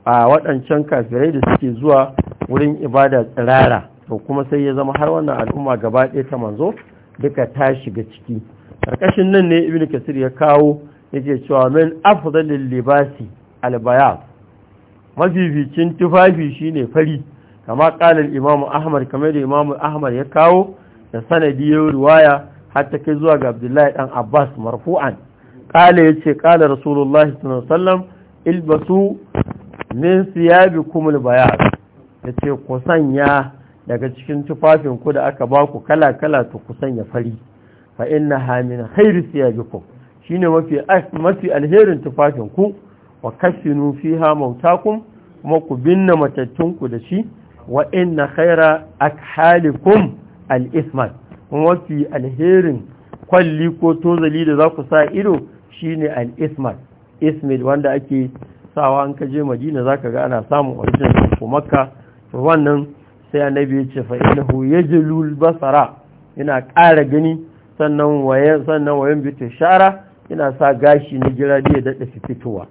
a waɗancan kafirai da suke zuwa wurin ibada tsirara to kuma sai ya zama har wannan al'umma gaba ɗaya ta manzo duka ta shiga ciki ƙarƙashin nan ne ibnu kasir ya kawo yake cewa min afdalil libasi mafi mafificin tufafi shine fari kama kalar imamu ahmar kama da imamu ahmar ya kawo da sanadi ya riwaya har ta kai zuwa ga abdullahi dan abbas marfu'an kala ya ce kala rasulullahi sallam ilbasu min siyabi kumul bayad ya ce ku sanya daga cikin tufafin ku da aka baku kala-kala to ku sanya fari fa inna hamin khairu siyabikum shine mafi mafi alherin tufafin ku wa nufi fiha mautakum kuma ku binne matattunku da shi wa inna khaira akhalikum al-isman kuma fi alherin kwalli ko tozali da za ku sa ido shine al-isman ismail wanda ake sawa an kaje madina zaka ga ana samun wajen ko makka to wannan sai annabi ya ce fa innahu yajlul basara yana ƙara gani sannan wayan sannan wayan bitu shara ina sa gashi na jiradi ya dada fitowa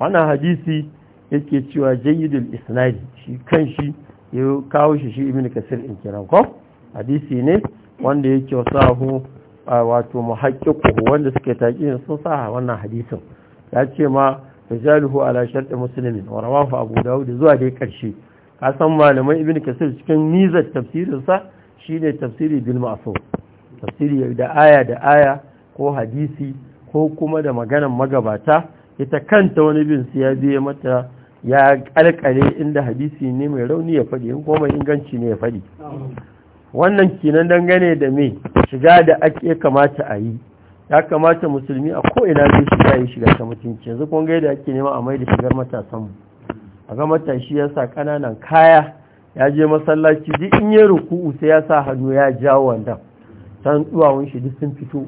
wannan hadisi yake cewa jayyidul isnadi shi kan shi ya kawo shi shi ibn kasir in kiran ko hadisi ne wanda yake sahu wato muhaqqiqu wanda suke taki sun sa wannan hadisin ya ce ma rijaluhu ala shart muslimin wa rawahu abu daud zuwa dai karshe ka san malamai ibn kasir cikin nizar tafsirin sa shine tafsiri bil ma'sum tafsiri da aya da aya ko hadisi ko kuma da maganan magabata ita kanta wani bin su ya biye mata ya kalkale inda hadisi ne mai rauni ya faɗi in kuma inganci ne ya faɗi wannan kinan dangane da me shiga da ake kamata a yi ya kamata musulmi a ko ina zai shiga yi shiga ta mutunci yanzu kun gaida ake nema a mai da shigar matasanmu a ga matashi ya sa ƙananan kaya ya je masallaci duk in ya ruku'u sai ya sa hannu ya jawo wanda san duwawun shi duk sun fito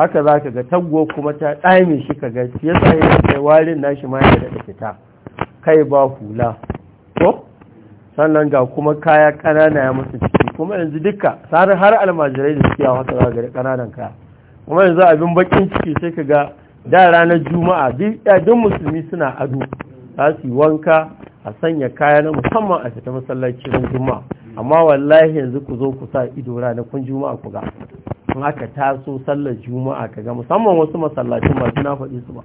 haka za ka ga taggo kuma ta ɗame shi ka ga ya sa ya kai warin nashi ma ya daɗa fita kai ba hula ko sannan ga kuma kaya ƙanana ya musu ciki kuma yanzu duka sarar har almajirai da suke haka za ga ƙananan kaya kuma yanzu abin bakin ciki sai ka ga da ranar juma'a eh, duk musulmi suna ado za su yi wanka a sanya kaya na musamman a fita masallaci na juma'a amma wallahi yanzu ku zo ku sa ido kun juma'a ku ga in aka taso sallar juma'a ka ga musamman wasu masallacin ba na faɗi su ba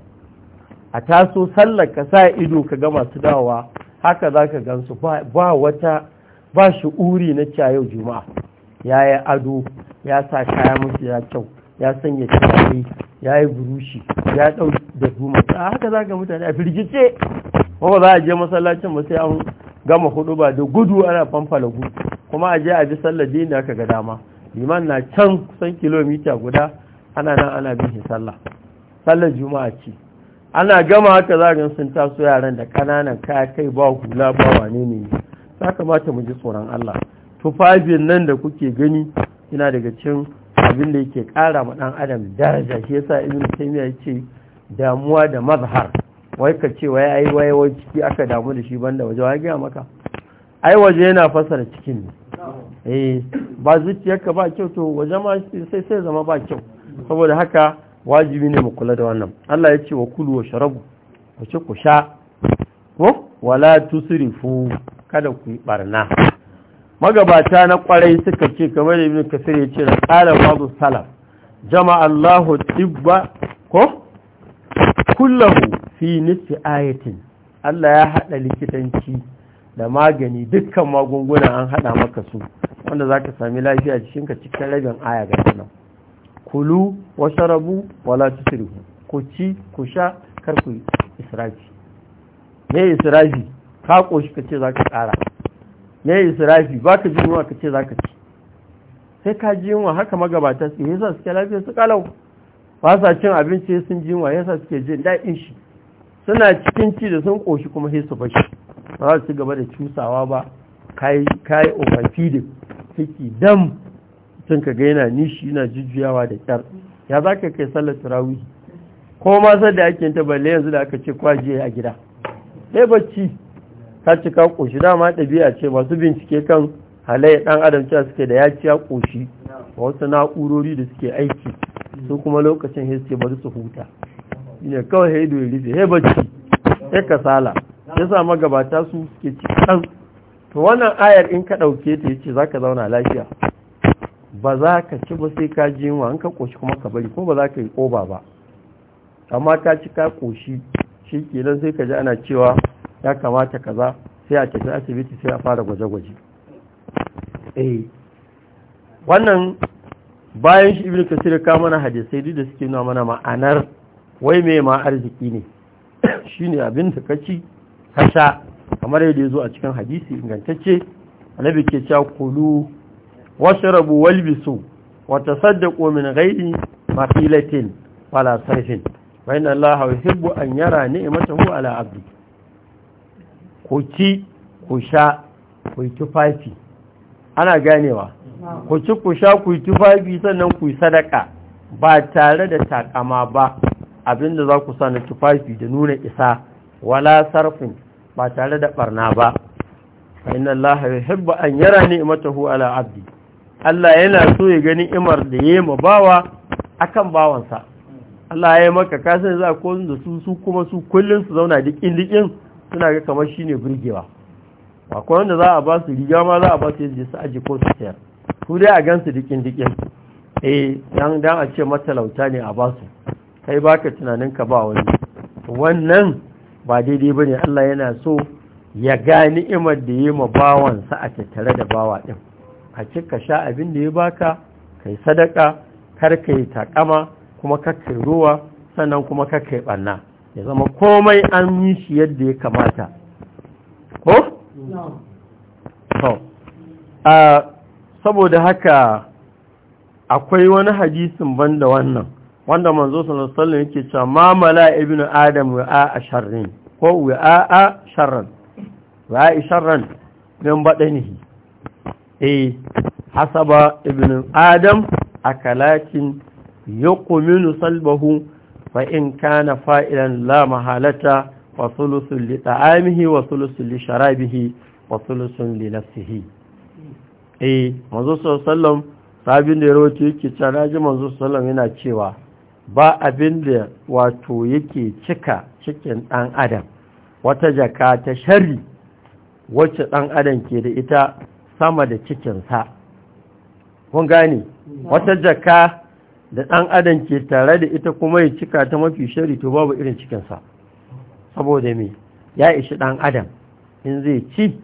a taso sallar ka sa ido ka ga masu dawowa haka za ka gansu ba wata ba uri na cewa yau juma'a ya yi ado ya sa kaya musu ya kyau ya sanya turare ya yi burushi ya ɗau da a haka za ka mutane a firgice kuma za a je masallacin ba sai an gama hudu ba da gudu ana fanfala gudu kuma a je a ji sallar dina ka ga dama liman na can kusan kilomita guda ana nan ana bin sallah sallar juma'a ce ana gama haka za sun taso yaran da kananan kaya kai ba hula ba wane ne ta kamata mu ji tsoron Allah tufafin nan da kuke gani ina daga cikin abin da yake kara ma dan adam daraja shi yasa ibn taymiya yace damuwa da mazhar wai ka ce wai ai wai wai ciki aka damu da shi banda waje wai ga maka ai waje yana fasara cikin ne eh ba zuciyarka ba kyau to waje ma sai sai zama ba kyau saboda haka wajibi ne mu kula da wannan Allah ya ce wa kulu wa sharabu ku ci ku sha ko wala tusrifu kada ku yi barna magabata na kwarai suka ce kamar ibn kasir ya ce da qala ba'du salaf jama Allahu tibba ko kullahu fi nisfi ayatin Allah ya hada likitanci da magani dukkan magunguna an hada maka su wanda za ka sami lafiya jikinka cikin rabin aya ga nan kulu washarabu wala tusrifu ku ci ku sha kar ku israfi me israfi ka koshi ka ce za ka ƙara me israfi ba ka jinuwa ka ce za ka ci sai ka ji yunwa haka magabata su yasa suke lafiya su kalau ba sa cin abinci sun ji yunwa yasa suke jin daɗin shi suna cikin ci da sun koshi kuma sai su bashi ba za su gaba da cusawa ba kai kai overfeeding take dam tun ka ga yana nishi yana jujjuyawa da kyar ya za ka kai sallar turawi ko ma sai da ake ta balle yanzu da aka ce kwaje a gida sai bacci ka cika koshi dama ɗabi'a ce masu bincike kan halaye ɗan adam cewa suke da ya ciya koshi a wasu na'urori da suke aiki su kuma lokacin hiske ba su huta ne kawai haidu ya rufe ya bacci ya kasala ya sa magabata su suke kan to wannan ayar in ka ɗauke ta yace za ka zauna lafiya ba za ka ci ba sai ka ji yunwa in ka ƙoshi kuma ka bari ko ba za ka yi ƙoba ba amma ka ci ka ƙoshi shi ke nan sai ka ji ana cewa ya kamata ka za. sai a tafi asibiti sai a fara gwaje-gwaje eh wannan bayan shi ibn kasir ka mana hadisai duk da suke nuna mana ma'anar wai me ma arziki ne shine abin da kaci ka sha kamar yadda ya zo a cikin hadisi ingantacce annabi ke cewa kulu washrabu walbisu wa tasaddaqu min ghayri mafilatin wala sarfin wa inna allaha yuhibbu an yara ni'matahu ala 'abdi ku ci ku sha ku tufafi ana ganewa ku ci ku sha ku tufafi sannan ku sadaka ba tare da takama ba abinda za ku sa na tufafi da nuna isa wala sarfin ba tare da barna ba fa inna allaha yuhibbu an yara ni'matahu ala 'abdi Allah yana so ya gani imar da yayi ma bawa akan bawansa Allah ya maka kasan za ko da su su kuma su kullun su zauna dikin dikin suna ga kamar shine burgewa ko wanda za a ba su riga ma za a ba su yaji su aji ko su tsaya ku dai a gansu dikin dikin eh dan dan a ce matalauta ne a ba su kai baka tunanin ka ba wani wannan ba daidai ba ne Allah yana so ya ga ni'imar da ya ma bawansa a tattare da bawa ɗin a cika sha abin da ya baka kai sadaka kar yi takama kuma kakai kai ruwa sannan kuma kakai kai ɓanna ya zama komai an yi shi yadda ya kamata ko? a saboda haka akwai wani hadisin banda wannan wanda manzo sallallahu alaihi wasallam yake cewa ma mala ibnu adam wa a sharrin ko wa a sharran wa a sharran min badanihi eh hasaba ibnu adam akalakin yuqminu salbahu fa in kana fa'ilan la mahalata wa thuluthun li ta'amihi wa thuluthun li sharabihi wa thuluthun li nafsihi eh manzo sallallahu alaihi wasallam sabin da ya yake cewa manzo sallallahu alaihi wasallam yana cewa ba abin da wato yake cika cikin ɗan adam wata jaka ta shari wacce ɗan adam ke da ita sama da cikinsa kun gane wata jaka da ɗan adam ke tare da ita kuma ya cika ta mafi shari to babu irin cikinsa saboda mai ya ishi ɗan adam in zai ci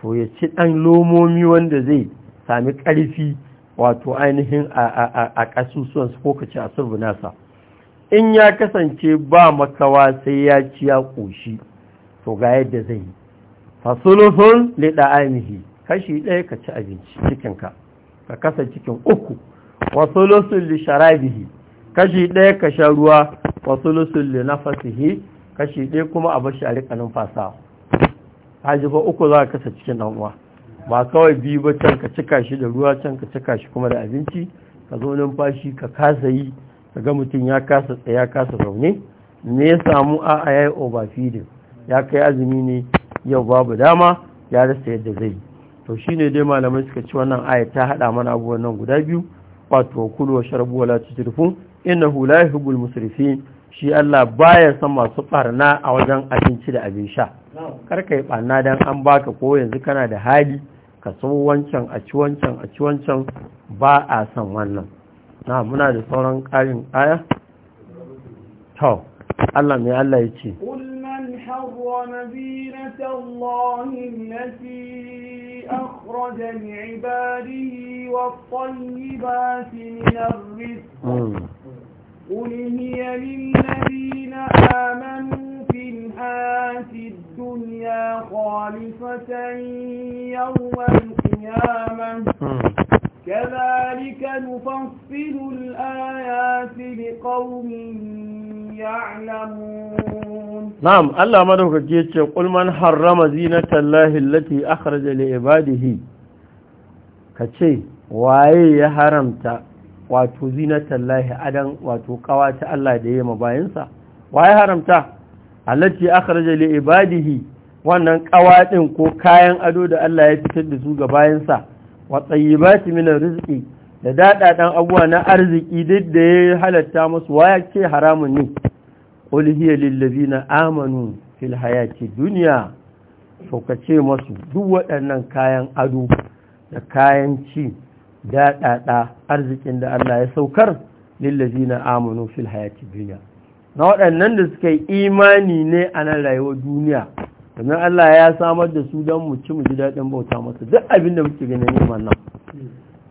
to ya ci ɗan lomomi wanda zai sami ƙarfi wato ainihin a su ko ka a a nasa in ya kasance ba makawa sai ya ci ya ƙoshi to ga yadda zai yi fasulufun liɗa ainihi kashi ɗaya ka ci abinci cikinka ka kasa cikin uku wasulusun li sharabihi kashi ɗaya ka sha ruwa wasulusun li nafasihi kashi ɗaya kuma a bashi a riƙa numfasa haji ba uku za ka kasa cikin ɗan'uwa ba kawai biyu ba can ka cika shi da ruwa can ka cika shi kuma da abinci ka zo numfashi ka kasa yi ka ga mutum ya kasa tsaya kasa zaune me ya samu a a ya yi overfeeding ya kai azumi ne yau babu dama ya rasa yadda zai to shi ne dai malamai suka ci wannan aya ta haɗa mana abubuwan nan guda biyu wato kulu wa sharbu wala tusrifu innahu la yuhibbul musrifin shi Allah baya san masu barna a wajen abinci da abin sha karka yi barna dan an baka ko yanzu kana da hali ka san wancan a ci wancan a ci wancan ba a san wannan na muna da sauran ƙarin aya? to Allah mai Allah ya ce ƙulman harwa na zina ta Allahin na fi akwadar ibari wa ƙwanyi ba fi nilar risk ƙulmiyar hmm. nilari na zina amannu منها في الدنيا خالصة يوم القيامة كذلك نفصل الآيات لقوم يعلمون نعم الله مدوك جيتش قل من حرم زينة الله التي أخرج لعباده كتشي waye ya haramta wato zinatan lahi adan wato kawata Allah da ya mabayinsa waye haramta alati akhraja li ibadihi wannan kawadin ko kayan ado da Allah ya fitar da su ga bayansa wa tayyibati min rizqi da dadadan abuwa na arziki duk da ya halatta musu waya ce haramun ne qul hiya lil ladina amanu fil hayati dunya to kace musu duk waɗannan kayan ado da kayan ci daɗaɗa arzikin da Allah ya saukar na amanu fil hayati dunya na waɗannan da suka yi imani ne a nan rayuwar duniya domin Allah ya samar da su don mu ci mu ji daɗin bauta masa duk abin da muke ganin yin nan.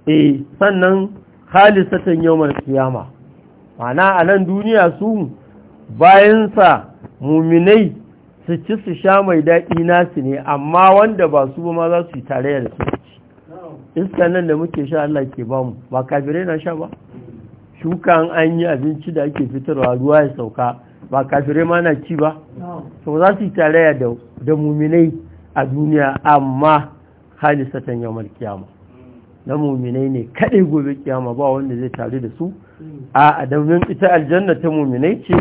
eh sannan yau mai kiyama ma'ana a nan duniya su bayansa muminai su ci su sha mai daɗi nasu ne amma wanda ba su ba ma za su yi tare da su iska nan da muke sha Allah ke bamu ba kafirai na sha ba Shuka an yi abinci da ake fitarwa ruwa ya sauka ba kafirai ma na ci ba so za su yi tarayya da muminai a duniya amma halisatan yawmal kiyama na muminai ne kaɗai gobe kiyama ba wanda zai tare da su a domin ita aljanna ta muminai ce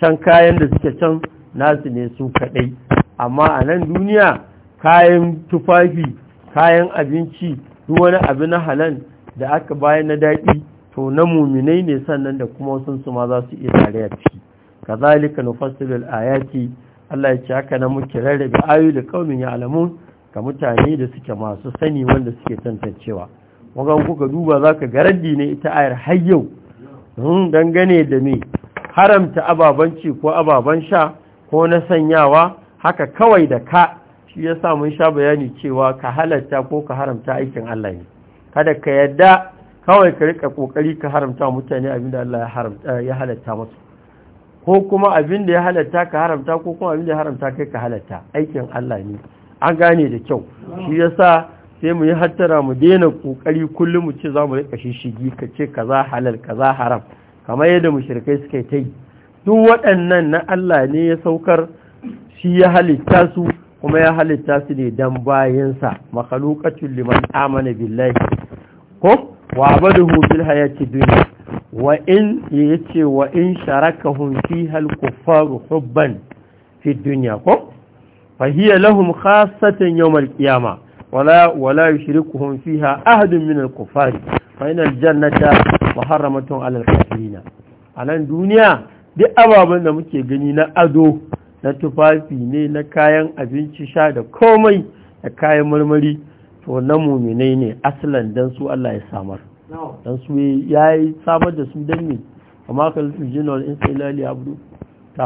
can kayan da suke can nasu ne su kaɗai amma a nan duniya kayan tufafi kayan abinci duk wani abu na halal da aka bayan na daɗi to na muminai ne sannan da kuma wasu su ma za su iya tare a ciki kazalika nufassilu ayati Allah ya ce haka na muke rarrabe ayoyi da kaumin ya alamun ga mutane da suke masu sani wanda suke tantancewa ku kuka duba za zaka garadi ne ita ayar har yau hmm, dangane da me haramta ababen ci ko ababen sha ko na sanyawa haka kawai da ka shi ya sa mun sha bayani cewa ka halatta ko ka haramta aikin Allah ne kada ka yadda kawai ka rika kokari ka haramta mutane abin da Allah ya haramta ya halatta musu ko kuma abin da ya halatta ka haramta ko kuma abin da ya haramta kai ka halatta aikin Allah ne an gane da kyau shi yasa sai mu yi hattara mu daina kokari kullum mu ce za mu rika shishigi ka ce kaza halal kaza haram kamar yadda mushrikai suka ta yi duk waɗannan na Allah ne ya saukar shi ya halitta su kuma ya halitta su ne dan bayansa makhluqatul liman amana billahi ko wa abaduhu fil hayati dunya wa in yace wa in sharakahum fi hal hubban fi dunya ko fa hiya lahum khassatan yawm al qiyama wala wala yushrikuhum fiha ahad min al kuffari fa al jannata muharramatun ala al kafirin anan duniya duk ababen da muke gani na ado na tufafi ne na kayan abinci sha da komai da kayan marmari to na muminai ne asalin dan su Allah ya samar dan su yi samar da su dan ne amma kan su jinal insilali abdu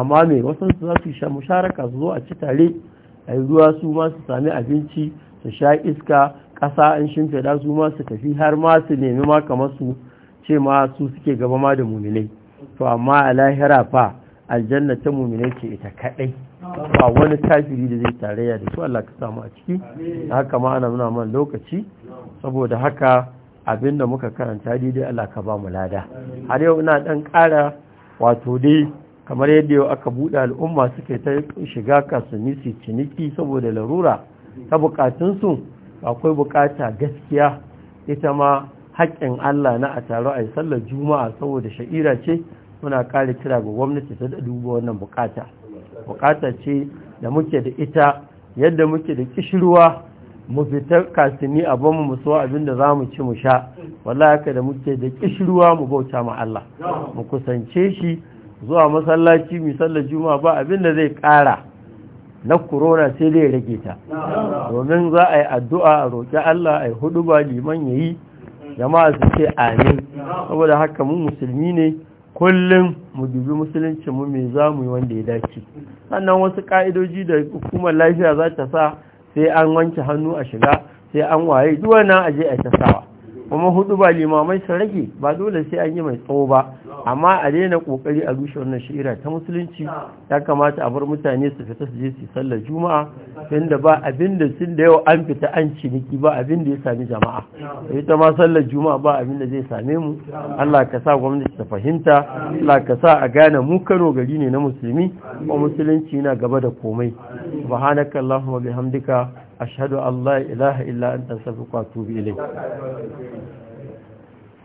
mai wasan su za su sha musharaka su zo a ci tare a yi ruwa su ma su sami abinci su sha iska ƙasa an shimfiɗa su ma su tafi har ma su nemi ma kamar su ce ma su suke gaba ma da muminai to amma a lahira fa aljanna ta muminai ce ita kaɗai ba wani kafiri da zai tarayya da su Allah ka samu a ciki haka ma ana nuna man lokaci saboda haka abin da muka karanta daidai Allah ka ba mu lada har yau ina dan ƙara wato dai kamar yadda yau aka buɗe al'umma suke ta shiga kasuwanni su ciniki saboda larura ta bukatunsu akwai bukata gaskiya ita ma haƙƙin Allah na a taro a yi sallar juma'a saboda sha'ira ce muna ƙara kira ga gwamnati ta duba wannan bukata bukata ce da muke da ita yadda muke da kishirwa mu fita kasini abin mu so abin da za mu ci mu sha wallahi haka da muke da kishirwa mu bauta ma Allah mu kusance shi zuwa masallaci mu sallar juma'a ba abin da zai ƙara na corona sai dai rage ta domin za a yi addu'a a roƙi Allah a yi huduba ba liman yayi jama'a su ce amin saboda haka mu musulmi ne kullum mu dubi musulunci mu mai za mu yi wanda ya dace sannan wasu ka'idoji da hukumar lafiya za ta sa sai an wanke hannu a shiga sai an waye duwana a je a ta kuma hudu ba limamai su rage ba dole sai an yi mai tsawo ba amma a daina kokari a rushe wannan shira ta musulunci ya kamata a bar mutane su fita su je su sallar juma'a inda ba abin da sun da yau an fita an ciniki ba abin da ya sami jama'a ita ma sallar juma'a ba abin da zai same mu Allah ka sa gwamnati ta fahimta Allah ka sa a gane mu Kano gari ne na musulmi kuma musulunci na gaba da komai subhanakallahumma bihamdika ashadu an ilaha illa an astaghfiruka wa atubu ili.